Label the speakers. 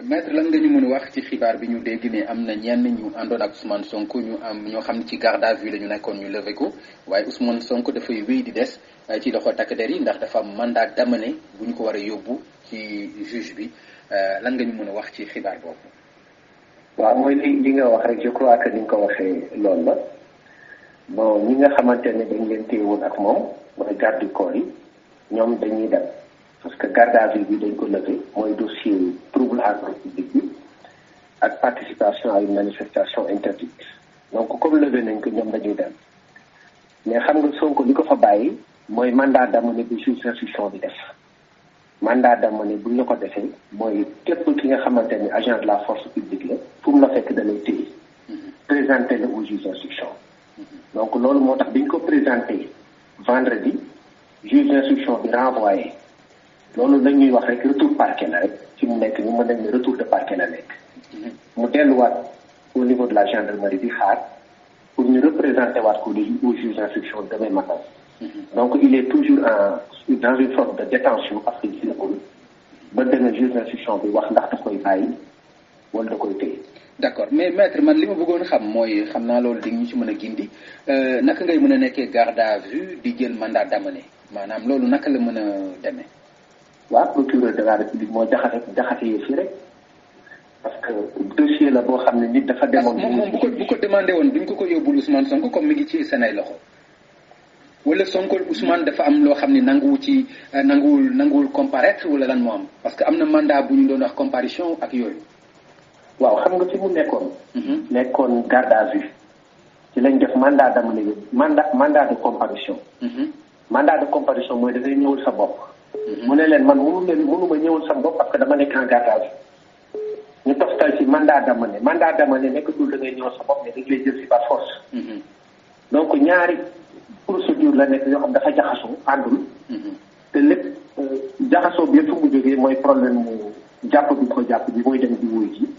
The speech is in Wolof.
Speaker 1: maître lan nga ñu mën wax ci xibaar bi ñu dégg ne am na ñenn ñu àndoon ak Ousmane sonk ñu am ñoo xam ci garde à vue la ñu nekkoon ñu levé ko waaye Ousmane Sonko dafay wéy di des eh, ci loxo takk der yi ndax dafa am mandat d'amener bu ñu ko war a yóbbu ci juge bi eh, lan nga ñu
Speaker 2: mën a wax ci xibaar boobu. waaw mooy li li nga wax rek je crois que ni nga ko waxee loolu la bon ñi nga xamante ne dañ leen téyewoon ak moom mooy garde du corps yi ñoom dañuy dem parce que garde à vue bi dañ ko trouble à l'ordre public ak participation à une manifestation interdite donc comme levé nañ ko ñoom dañuy dem mais xam nga Sonko li ko fa bàyyi mooy mandat d'amener bi juge d'instruction bi def mandat d'amener buñ la ko defee mooy képp ki nga xamante ni agent de la force publique la fu mu la fekk da lay téye présenté la au juge d'instruction donc loolu moo tax biñ ko présenté vendredi juge d'instruction bi renvoyé loolu nañuy wax rek retour parquet la rek ci mu nekk ñu mën nañ ne retour de parquet la nekk mu delluwaat au niveau de la gendarmerie bi xaar pour ñu représenter waat ko au juge d'instruction demain matin mhm. donc il est toujours en dans une forme de détention parce que gis na ko ba dana juge d'instruction bi wax ndax daf koy bàyyi wala da koy téye d'accord mais maître man li ma bëggoon xam mooy xam naa loolu di
Speaker 1: ñu ci mën a gindi euh, naka ngay mën a nekkee garde à vue di jël mandat d'amener maanaam loolu naka la mën a demee waa procureur de la république moo jaxase jaxase yëf yi rek parce que dossier la boo xam ne nit dafa demoon. moom bu ko bu ko demande woon duñ ko ko yóbbul Ousmane Sonko comme mi ngi ci seen ay loxo wala Sonko Ousmane dafa am loo xam ne nanguwu ci euh, nanguwul nanguwul comparaître wala lan moo am parce que am na mandat bu ñu doon wax comparition
Speaker 2: ak yooyu. waaw xam nga ci mu nekkoon. Mhm. nekkoon garde à vue ci lañ def mandat d'amener mandat mandat de comparution. Mhm. mandat de comparution ñëwul sa bopp. mu ne leen man mënu leen mënuma ñëwal sama bopp parce que dama nekk en ñu à vue ñu toftal ci mandat d'amener mandat d'amener nekkatul da ngay ñëw sa bopp ne dañ lay jël si par force. Mm-hmm. donc ñaari procédure la nekk yoo xam dafa jaxasoo àndul. Mm-hmm. te lépp euh, jaxasoo bi yëpp fu mu jógee mooy problème mu jàpp bi ko jàpp bi mooy dem di wuyu ji.